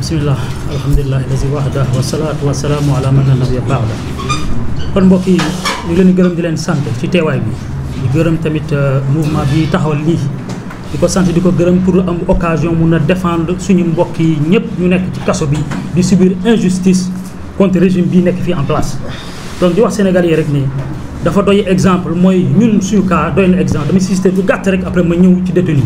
bismillah alhamdulilah lazi wahda wasalaatu wasalaamu ala man la nabiyya ba'da kon mbokk yi ñu leen gërëm di leen sant ci teewaay bi di gërëm tamit euh, mouvement bi taxaw lii di ko sant di ko gërëm pour am occasion mun a défendre suñu mbokk yi ñëpp ñu nekk ci kaso bi di subir injustice contre régime bii nekk fii en place donc di wax Sénégal yi rek nii dafa doy exemple mooy ñun suñu cas doy na exemple dama cité bu gàtt rek après ma ñëw ci détenu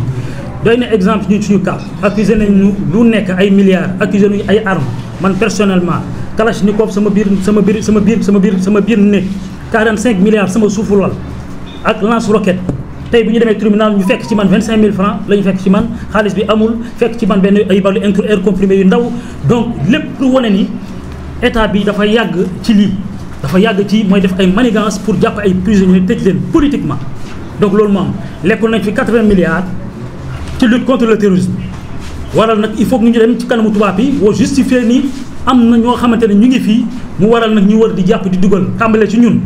doy na exemple suñu cas accusé nañ lu nekk ay milliards accusé nañu ay armes man personnellement kalachnikov sama biir sama biir sama biir sama biir sama biir nekk 45 milliards sama suufu lool ak lance roquette tey bu ñu demee tribunal ñu fekk ci man 25000 francs la ñu fekk ci man xaalis bi amul fekk ci man benn ay ballu inter air comprimé yu ndaw donc lépp lu wane ni état bi dafa yàgg ci lii dafa yàgg ci mooy def ay manigance pour jàpp ay prisonniers tëj leen politiquement donc loolu moo am lekkul nañ fi 80 milliards ci lutte contre la terrorisme waral nag il faut que ñu dem ci kanamu tubaab bi woo justifier ni am na ñoo xamante ne ñu ngi fii mu waral nag ñu war di jàpp di dugal tàmbale ci ñun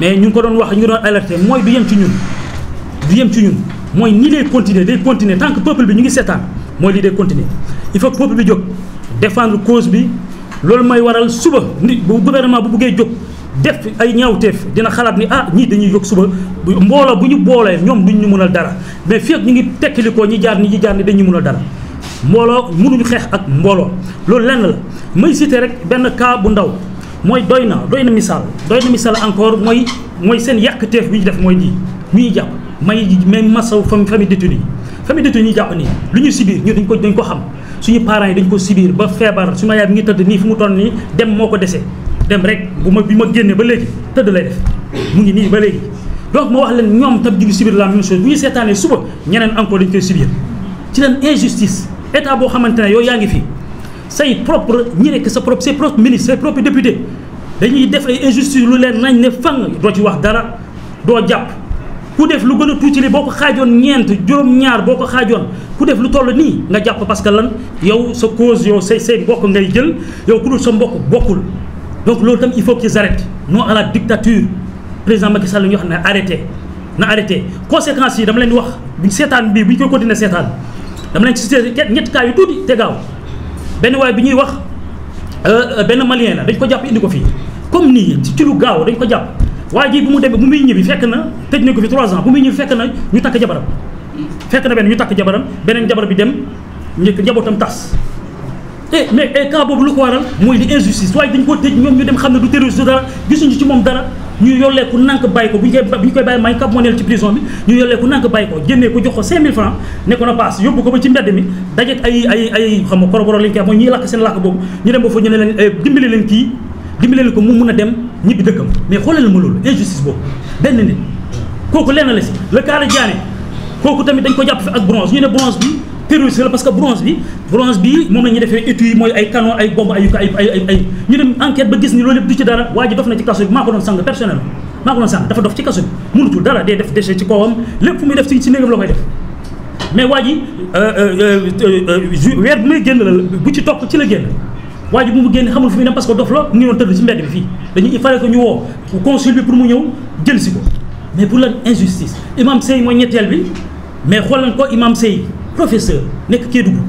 mais ñu ngi ko doon wax ñu ngi doon alerter mooy du yem ci ñun du yem ci ñun mooy ni lay continuer day continuer tant que peuple bi ñu ngi seetaan mooy lii day continuer il faut que peuple bi jóg défendre cause bi loolu mooy waral suba nit bu gouvernement bu buggee jóg def ay ñaaw ñaawteef dina xalaat ni ah ñii dañuy yóg suba mbooloo bu ñu boolee ñoom duñ ñu mun mënal dara mais fii ak ñu ngi tekkilikoo ñi jaar ni ñi jaar ni dañuy mënal dara mbooloo mënuñu xeex ak mbooloo loolu lenn la may cité rek benn cas bu ndaw mooy doy na doy na misaal doy na misaal encore mooy mooy seen yàqteef bi ñu def mooy nii ñu ñuy jàpp may may masaw famille détenu yi famille détenu yi jàpp nii lu ñu sibir ñu dañ ko dañ ko xam suñu parents yi dañ ko sibiir ba feebar su ma yaay bi ngi tëdd nii fu mu ton nii dem moo ko desee dem rek bu ma bi ma génnee ba léegi tëdd lay def mu ngi nii ba léegi donc ma wax leen ñoom tam jugi subir la même chose bu ñu seetaanee suba ñeneen encore dañ koy subir ci leen injustice état boo xamante ne yooyu yaa ngi fii say propre ñi nekk sa propre ses propres ministres ses propres députés dañuy def ay injustice lu leen nañ ne fang doo ci wax dara doo jàpp ku def lu gën a tuuti li boo ko xaajoon ñeent juróom-ñaar boo ko xaajoon ku def lu toll nii nga jàpp parce que lan yow sa cause yow say say ngay jël yow ku sa mbokk bokkul donc loolu tam il faut qu'ils arrêtent non à la dictature président Macky Sall ñu wax ne arrêté na arrêté conséquences yi dama leen di wax buñ seetaan bii bu ñu koy continuer seetaan dama leen ci cité ñetti cas yu tuuti te gaaw benn waay bi ñuy wax euh, benn malien la dañ ko jàpp indi ko fii comme nii ci lu gaaw dañ ko jàpp waa ji bu mu demee bu muy ñibbi fekk na tëj ne ko fi 3 ans bu muy ñibbi fekk na ñu takk jabaram fekk na benn ñu takk jabaram beneen jabar bi dem njëkk njabootam tas et mais et cas boobu lu ko waral mooy di injustice waaye dañ ko tëj ñoom ñu dem xam ne du terroriste dara gisuñu ci moom dara ñu yolleeku nank bàyyi ko bu ñu koy bu ñu bàyyi may kap moneel ci prison bi ñu yolleeku nank bàyyi ko génnee ko jox ko 5000 francs ne ko na paas yóbbu ko ba ci mbedd mi dajeeg ay ay ay xam nga koroboro lañ koy mooy ñiy lakk seen lakk boobu ñu dem ba fa ñu ne leen eh, dimbali leen kii dimbali leen ko a dem ñibbi dëkkam mais xoolal ma loolu injustice boobu benn nit kooku lenn la si le cas de kooku tamit dañ ko jàpp fi ak bronze bi terroriste la parce que bronze bi bronze bi moom la ñuy defee étui yi mooy ay canon ay bombe ay ay ay ay ñu dem enquête ba gis ni loolu du ci dara waa ji dof na ci kaso bi maa doon sang personnel maa doon sang dafa dof ci kaso bi mënutul dara day def déchet ci kawam lépp fu muy def ci néegam la koy def mais waa ji euh, euh, euh, weer bu may génn la bu ci topp ci la génn waa ji bu mu génn xamul fu muy dem parce que dof la mu ngi doon tëdd ci mbedd bi fii dañuy il fallait que ñu woo bi ko mais pour lan injustice imam Sey mooy professeur nekk Kédougou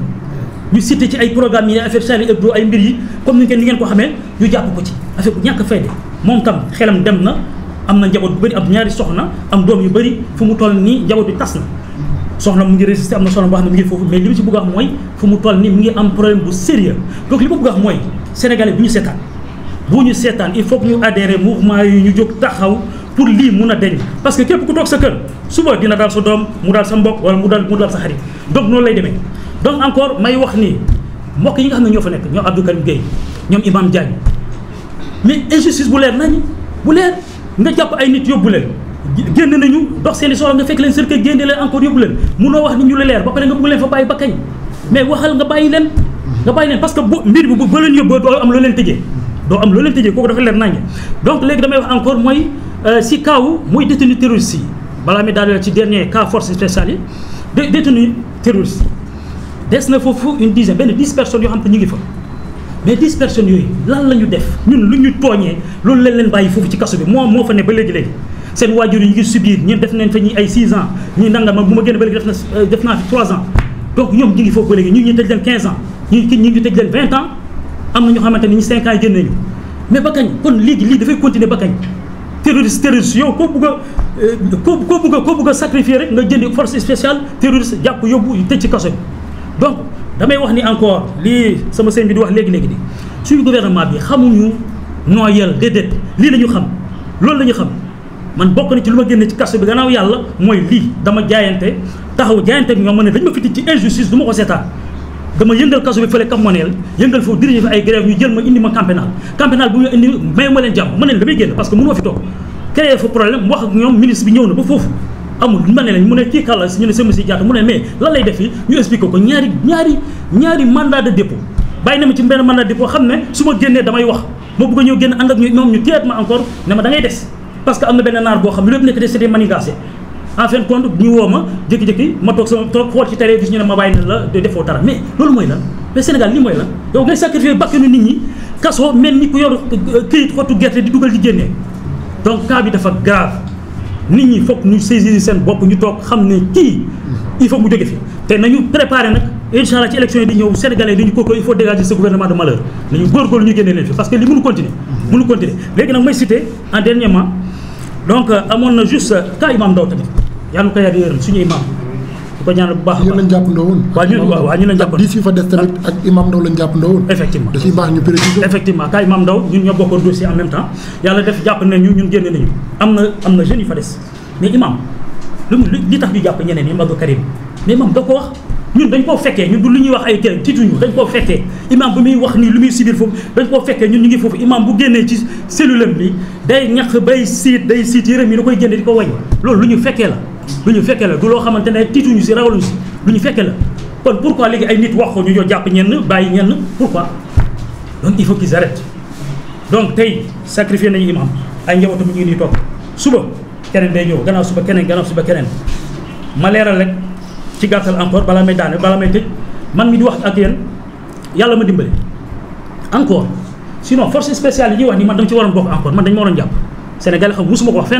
ñu cité ci ay programme yi affaire Charlie Hebdo ay mbir yi comme ni ngeen ni ngeen ko xamee ñu jàpp ko ci affaire bu ñàkk fayde moom tam xelam dem na am na njaboot bu bëri am ñaari soxna am doom yu bëri fu mu toll nii njaboot bi tas na soxna mu ngi résisté am na soxna mu ngi foofu mais li mu ci a wax mooy toll nii mu ngi am problème bu sérieux donc li ma bëgg a mooy sénégalais bu ñu seetaan bu ñu seetaan il faut que ñu adhéré mouvement yi ñu jóg taxaw pour lii mun a deñ parce que képp ku toog sa kër suba dina daal sa doom mu daal sa mbokk wala mu daal mu daal sa xarit donc noonu lay demee donc encore may wax nii mbokk yi nga xam ne ñoo fa nekk ñoom Abdou Karim Gueye ñoom Imam Diagne mais injustice bu leer nañ bu leer nga jàpp ay nit yóbbu leen génn nañu dox seen i soxla nga fekk leen sër kër génne leen encore yóbbu leen munoo wax ni ñu la leer ba pare nga bëgg leen fa bàyyi ba kañ mais waxal nga bàyyi leen nga bàyyi leen parce que bu mbir bi bu ba leen yóbboo doo am loo leen tëjee doo leen tëjee kooku léegi damay encore mooy Euh, si kaw muy détenu terroriste yi balaa mi daal ci dernier cas force spéciale yi dé détenu terroriste des na foofu une dizaine benn dix yoo xam ne ñu ngi fa mais dix yooyu lan la ñu def ñun lu ñu tooñee loolu leen leen bàyyi foofu ci kaso bi moo moo fa ne ba léegi-léegi seen waajur yi ngi subir ñun def nañ fa ñi ay 6 ans ñi nangam ak bu ma génn ba léegi def na def naa fi 3 ans donc ñoom ñu ngi foofu ba léegi ñu ñu tëj leen 15 ngi tëj leen 20 ans xamante ne ñu 5 ans yi mais lii dafay continuer ba kañ terroriste terroriste yow koo bëgg euh, a koo koo bëgg a koo bëgg a sacrifier rek nga jëndi force spéciale terroriste jàpp yóbbu tëj ci kaso bi donc damay wax ni encore lii sama sëñ bi di wax léegi-léegi di suñu gouvernement bi xamuñu nooyal déedéet lii la ñu xam loolu la ñu xam man bokk na ci lu ma génne ci kaso bi gannaaw yàlla mooy lii dama jaayante taxaw jaayante bi ñoom ma ne dañ ma fiti ci injustice du ma ko dama yëngal kaso bi fële Cambonel yëngal foofu dirigé fi ay grève ñu jël ma indi ma camp pénal camp pénal bu ñu indi mayu ma leen jàmm ma ne leen damay génn parce que ma fi ma leen ko ñaari ñaari ñaari mandat de na ma ci benn mandat xam ne su ma génnee damay wax ma bëgg a ñëw génn ànd ak ne ma da des parce que am na benn naar boo xam lépp nekk de c'est des en fin de compte ñu woo ma jékki-jékki ma toog sama toog xool ci télé gis ñu ne ma bàyyi na la defoo dara mais loolu mooy lan mais Sénégal lii mooy lan yow ngay sacrifier bakkanu nit ñi kaso mel ni ku yor euh, këyit xottu gerte di dugal di génnee donc cas bi dafa grave nit ñi foog ñu saisir seen bopp ñu toog xam ne kii il faut mu jóge fi te nañu préparer nag incha allah ci élection yi di ñëw sénégalais dañu kooku il faut dégager ce gouvernement de malheur nañu que li mënu continuer mënu continuer léegi nag may cité en euh, amoon na juste cas imam Ndao tamit yàlla ko yàlla yërëm bu baax a baax ñu lañ jàppandoo woon waaw ñu waaw ñu lañ jàppandoo di si fa des tamit ah. ak imam ndaw lañ jàppandoo woon effectivement da ciy def jàpp nañ ñun génn nañu am na am na jeunes yu fa des mais imam lu mu tax ñu jàpp ñeneen imam Abdou Karim mais imam ko wax ñun dañ koo fekkee ñun du lu ñuy wax ay kër fekkee imam bu muy wax nii lu muy sibir foofu dañ koo fekkee ñun ñu ngi foofu imam bu génnee ci cellule am bi day ñax bay siit day siit yërëm yi da koy génne di ko wañ loolu lu ñu fekkee la lu ñu fekke la du loo xamante ne tiituñu si ragaluñu si lu ñu fekke la kon pourquoi léegi ay nit wax ko ñu ñoo jàpp ñenn bàyyi ñenn pourquoi donc il faut qu'ils arrêtent donc tey sacrifié nañu imam ay njabootam ñu ngi nii toog suba keneen day ñëw gannaaw suba keneen gannaaw suba keneen ma leeral rek ci gàttal encore balaa may daane balaa may tëj man mi di wax ak yéen yàlla ma dimbale encore sinon force spéciale yi ñuy wax ni man dama ci waroon bokk encore man dañ ma waroon jàpp Sénégal xam musuma ko wax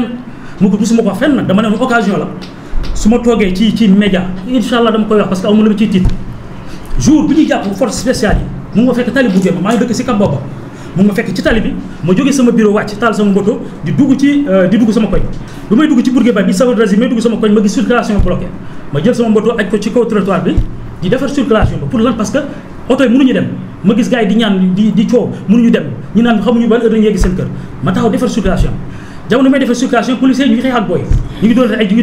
mu ko gisuma ko fenn nag dama ne woon la su ma toogee ci ci média incha allah dama koy ma ciy tiit jour bi ñuy jàpp force spéciale yi mu nga fekk tali bu maa ngi dëkk si kam ci tali bi ma jógee sama bureau wàcc taal sama di dugg ci euh, di dugg sama koñ bi may dugg ci Bourguiba bi savrasi may dugg sama koñ ma gis circulation bloquée ma jël sama ko ci kaw trottoir bi di defar circulation pour lan parce que oto yi mënuñu dem ma gis gars yi di ñaan di di coow mënuñu dem ñu naan xamuñu ban heure dañu yegg seen kër ma taxaw defar circulation jamono may defee circulation policier ñu ngi xeex ak booy ñu ngi doon ay ñu ngi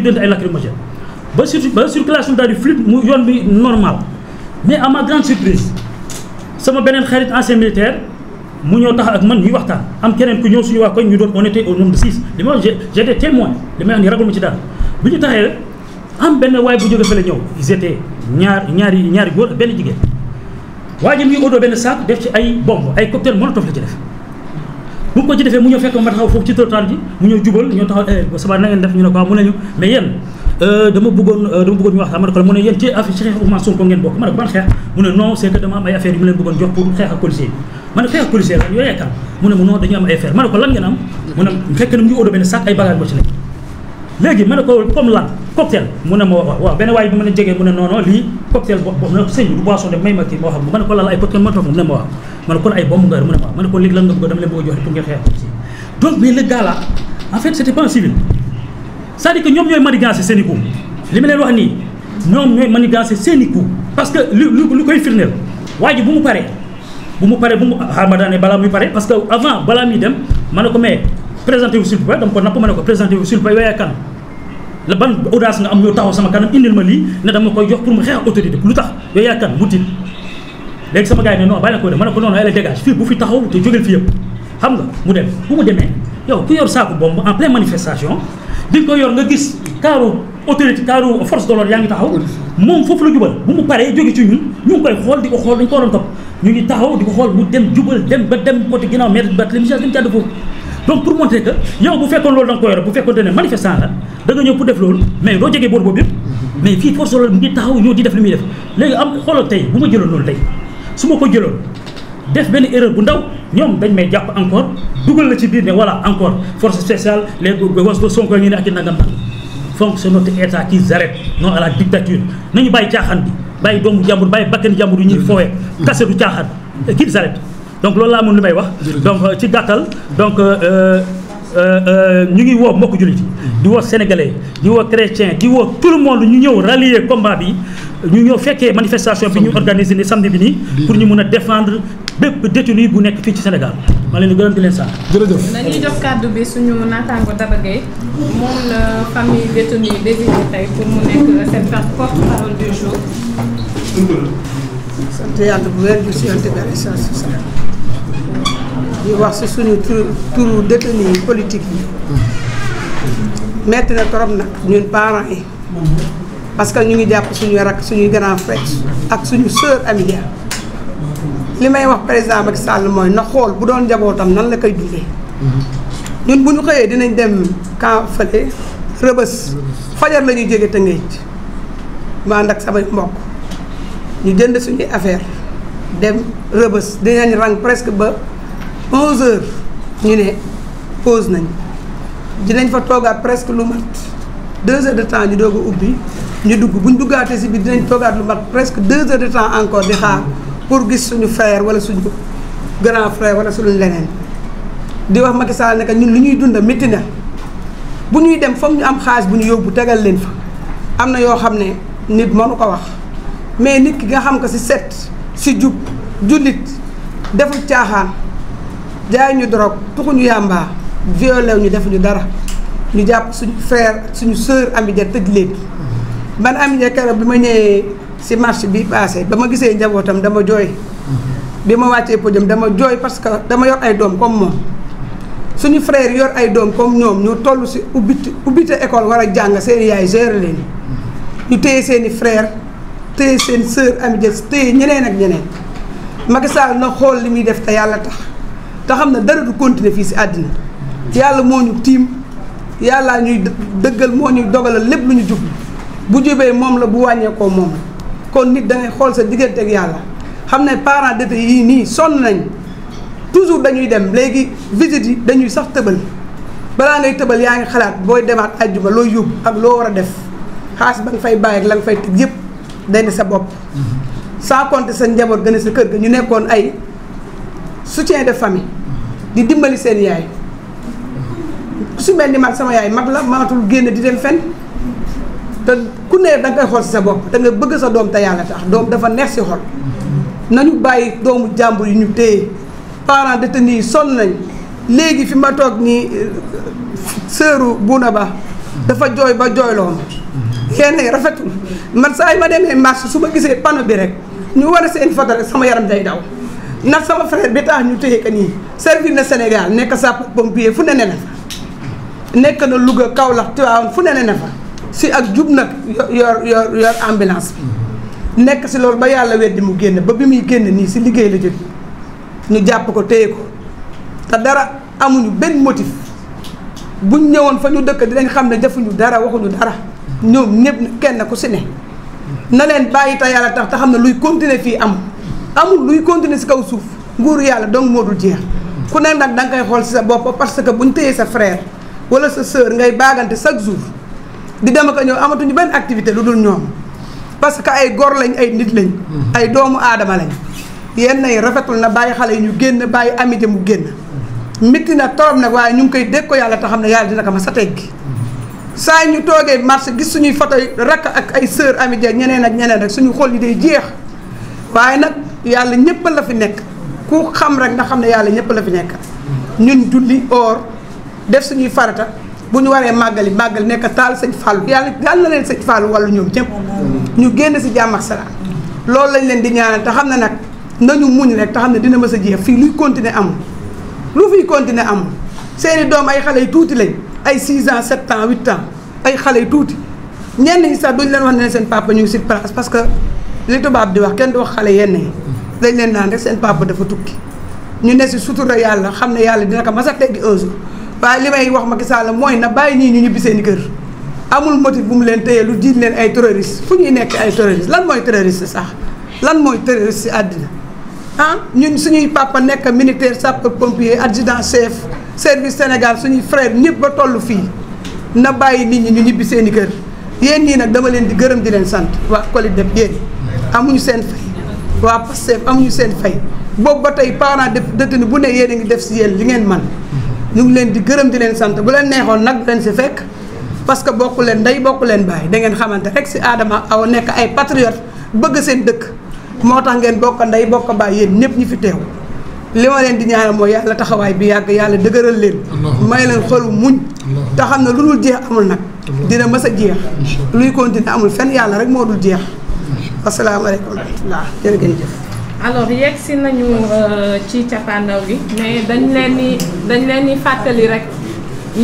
ba sur ba daal di fluide mu yoon bi normal mais am ma grande surprise sama beneen xarit ancien militaire mu ñëw tax ak man ñuy waxtaan am keneen ku ñëw suñu waa koñ ñu doon on était au nombre de li ma wax j'étais témoin li may wax ni ragal ma ci dara bi ñu taxee am benn waay bu jóge fële ñëw ils ñaar ñaari ñaari góor benn jigéen waa ji mu ngi odoo benn saak def ci ay bombe ay cocktail molotov la bu mu ko ci defee mu ñëw jubal ñoo taxaw eh sabaa def ñu ne quoi mu ne ñu mais yéen euh, dama bëggoon euh, dama bëggoon ñu wax ma mu ne yéen ci dama am ay affaire yu mu leen bëggoon jox pour xeex ak policier ma ne xeex ak policier la yooyu mu ne mu non dañu am ay affaire ma ne ko lan ngeen am mu ne fekk na mu ñu óodo benn sac ay bagage boo ci nekk léegi ma ne ko comme lan cocktail mu ne ma wax waaw benn waay bi ma ne jegee mu ne non de may ma kii ma wax ma ne ma ne kon ay bomb nga yor mu ne ma ma ne léegi lan nga bëgg dama leen bëgg jox pour ngeen xeex aussi donc mais le gars là en fait c'est-à-dire que ñoom ñooy manigancé seen i coup li ma leen wax nii ñoom ñooy manigancé seen i coup parce que lu lu koy firndeel waa ji bu mu paree bu mu paree bu mu xaar ah, ma daane balaa muy paree parce que avant balaa muy dem ma ne ko mais présenté wu s'il dama ko napp ma ne ko présenté wu s'il vous plaît waaye kan la ban audace nga am ñoo taxaw ma lii ne dama koy jox pour mu lu tax yooyu yaakaar mu tiit léegi sama gars yi bàyyi ko de ma ne ko noonu ay la dégage fii bu fi taxaw te jógeel fi yëpp nga ko yor nga gis kaaru autorité kaaru force de l'ordre yaa ngi taxaw moom foofu la jubal bu mu paree jóge koy xool di ko xool dañu ko ngi taxaw di ko xool mu dem jubal dem ba dem côté ginnaaw maître bat lémission dem jàdd foofu donc pour ne manifestant la da nga ñëw pour def loolu mais doo jege boor boobu yëpp mais fii force de l'ordre mu taxaw ñëw di def li muy def léegi am xooloo tey bu ma jëloon loolu tey su ma ko jëloon def benn erreur bu ndaw ñoom dañ may jàpp encore dugal la ci biir ne voilà encore force spéciale les was ba Sonko ngi ne ak i nangam nag donc c'est notre état qui s'arrête non à la dictature nañu bàyyi caaxaan bi bàyyi doomu jàmbur bàyyi bakkan jàmbur yu ñuy foowee kase du caaxaan kii s'arrête donc loolu laa mun li may wax donc euh, ci gàttal donc euh, euh, Euh, euh, ñu ngi woo mbokk jullit di woo sénégalais di woo chrétien di woo tout le monde ñu ñëw rallier combat bi ñu ñëw fekkee manifestation bi ñu organisé ni samedi bi nii pour ñu mën a défendre bépp détenu bu nekk fii ci Sénégal maa leen di gërëm di leen sant jërëjëf dañuy jox kàddu bi bu wér di wax si suñu tur turu détenu yi yi metti na trop nag ñun parents yi parce que ñu ngi jàpp suñu rakk suñuy ganaar frère ak suñu sœur amia li may wax président Macky sàll mooy na xool bu doon njabootam nan la koy dundee ñun bu ñu xëyee dinañ dem camp fële rëbës fajar la ñuy jóge Tëngéej ma ànd ak samay mbokk ñu jënd suñuy affaire dem rëbës dinañ rang presque ba onze heures ñu ne pose nañ dinañ fa toogaat presque lu mat deux heures de temps ñu doog ubbi ñu dugg buñ duggaatee si biir dinañ toogaat lu mat presque deux heures de temps encore di xaar pour gis suñu frère wala suñu grand frère wala suñu leneen di wax Macky Sall ne ñun lu ñuy dunda métti bu ñuy dem foog ñu am xaalis bu ñu yóbbu tegal leen fa am na yoo xam ne nit mënu ko wax mais nit ki nga xam ko si set si jub jullit deful caaxaan jaay ñu drogue tuxuñu yàmbaa violé ñu defuñu dara ñu jàpp suñu frère suñu sœur Amidia tëj leen man Amidia keroog bi ma ñëwee si marché bi passé ba ma gisee njabootam dama jooy bi ma wàccee podium dama jooy parce que dama yor ay doom comme moom suñu frère yor ay doom comme ñoom ñu toll si ubbite ubbite école war a jàng seen yaay gérer leen ñu téye seen i frère téye seen sœur Amidia téye ñeneen ak ñeneen Macky na xool li muy def te yàlla tax te xam ne dara du continuer fii si àddina yàlla moo ñu tiim yàlla ñuy dëggal moo ñuy dogalal lépp lu ñu jub bu jubee moom la bu wàññeekoo moom kon nit da xool sa diggante ak yàlla xam ne parent d'été yii nii sonn nañ toujours dañuy dem léegi visite yi dañuy sax tëbal balaa ngay tëbal yaa ngi xalaat booy demaat àjjuma looy yóbbu ak loo war a def xaas ba nga fay bàyyi ak la nga fay tëj yëpp day ne sa bopp mm-hmm. sans compter seen njaboot gën a sa kër ga ñu nekkoon ay su soutien de famille di dimbali seen yaay su mel ni man sama yaay mag la maatul génn di dem fen te ku ne da nga koy sa bopp da nga bëgg sa doom te yàlla tax doom dafa neex si xol nañu bàyyi doomu jàmbur yu ñu téye parents détenus yi sonn nañ léegi fi ma toog nii sëru Bouna Ba dafa jooy ba jooyloo ma kenn rafetul man sa yi ma demee marché su ma gisee panneau bi rek ñu war a seen photo sama yaram day daw ndax sama frère bi tax ñu téye ko nii servir na Sénégal nekk sapeur-pompier fu ne ne na fa nekk na Louga Kaolack Tivaouane fu ne ne na fa si ak jub nag yo yo yor ambulance bi nekk si loolu ba yàlla weddi mu génn ba bi muy génn nii si liggéey la jóg ñu jàpp ko téye ko te dara amuñu benn motif buñ ñëwoon fa ñu dëkk dinañ xam ne defuñu dara waxuñu dara ñoom ñëpp kenn ku si ne na leen bàyyi te yàlla tax te xam ne luy continuer fii am. amul luy continuer si kaw suuf nguur yàlla donc moo dul jeex ku ne nag da nga koy xool si sa bopp parce que bu ñu tëyee sa frère wala sa sœur ngay baagante chaque jour di dem ko ñëw amatuñu benn activité lu dul ñoom parce que ay gor lañ ay nit lañ. Mm-hmm. ay doomu aadama lañ. yenn yi rafetul na bàyyi xale yi ñu génn bàyyi amité mu génn. Mm-hmm. métti nag torop nag waaye ñu ngi koy dégg ko yàlla te xam ne yàlla dina ko ma sa teggi mm-hmm. saa ñu toogee marché gis suñuy photo rakk ak ay sœur amitié ñeneen ak ñeneen rek suñu xol yi day jeex. waaye nag yàlla ñëpp la fi nekk ku xam rek nga xam ne yàlla ñëpp la fi nekk ñun julli or def ñuy farata bu ñu waree màggali màggal nekk taal sëñ Fallou yàlla yàlla na leen sëñ Fallou wala ñoom ñëpp ñu génn si jàmm ak salaam loolu lañ leen di ñaanal te xam ne nag nañu muñ rek te xam ne dina mës a jeex fii luy continuer amul lu fiy continuer amul seeni doom ay xale yu tuuti lañ ay 6 ans 7 ans 8 ans ay xale yu tuuti ñenn ñi sax duñ leen wax ne seen papa ñu ngi parce que li tubaab di wax kenn du wax xale yenn yi dañ leen naan rek seen papa dafa tukki ñu ne si sutura yàlla xam na yàlla dina ko mas sa teg un jour waaye li may wax Macky Sall mooy na bàyyi ñii ñu ñibbi seen kër amul motif bu leen téye lu jiiñ leen ay terroriste fu ñuy nekk ay terroriste lan mooy terroriste sax lan mooy terroriste si àddina ah ñun suñuy papa nekk militaire sapeur pompier adjudant chef service Sénégal suñuy frère ñëpp ba toll fii na bàyyi nit ñi ñu ñibbi seen i kër yéen ñii nag dama leen di gërëm di leen sant waa Colite Deb yéen amuñu seen fay waa Pastef amuñu seen fay boobu ba tey parent détenu bu ne yéen a ngi def si yéen li ngeen man mhm. ñu ngi leen di gërëm di leen sant bu leen neexoon nag leen si fekk parce que bokku leen ndey bokk leen bàyyi da ngeen xamante rek si aadama aw nekk ay patriote bëgg seen dëkk moo tax ngeen bokk ndey bokk bàyyi yéen ñëpp ñu fi teew li ma leen di ñaanal mooy yàlla taxawaay bi yàgg yàlla dëgëral leen may leen xolu muñ te xam ne lu dul jeex amul nag dina mës a jeex luy continuer amul fenn yàlla rek moo dul jeex asalaamaaleykum wa rahmatulah jërë ngeen jëf. si nañu euh, ci cappaandaw bi mais dañ leen di dañ leen di fàttali rek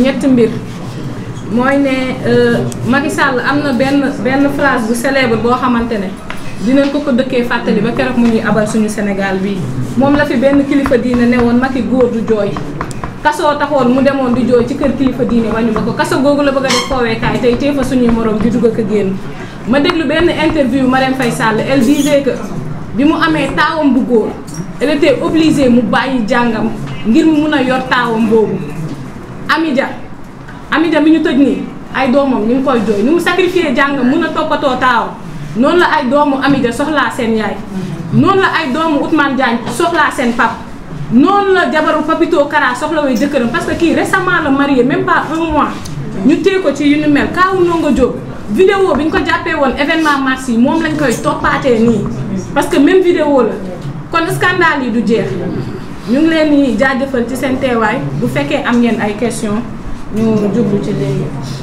ñetti mbir mooy ne euh, Macky am na benn benn phrase bu célèbre boo xamante ne dinañ ko ko dëkkee fàttali ba keroog mu ñuy abal suñu senegal bii moom la fi benn kilifa diine ne woon Macky góor du jooy kasoo taxoon mu demoon du jooy ci kër kilifa diine wañu ba ko kaso googu la bëgg a def fooweekaay tey téye fa suñuy morom di dugg ak a génn. ma déglu benn interview Marème Faye Sall elle disait que bi mu amee taawam bu góor elle mu bàyyi jàngam ngir mu mun a yor taawam boobu Amidia Amidia mi ñu tëj nii ay doomam ñu ngi koy jooy ni mu sacrifié jàngam mun a toppatoo taawam noonu la ay doomu Amidia soxlaa seen yaay noonu la ay doomu Ousmane Diagne soxlaa seen pap noonu la jabaru Papito Kara soxlawee jëkkëram parce que kii récemment la marie même pas un ñu téye ko ci yu ni mel kaawu Ndongo Diop vidéo bi ñu ko jàppee woon événement mars yi moom lañ koy toppaatee nii parce que même vidéo la kon scandale yi du jeex ñu ngi leen di jaajëfal ci seen teewaay bu fekkee am ngeen ay question ñu jublu ci léegi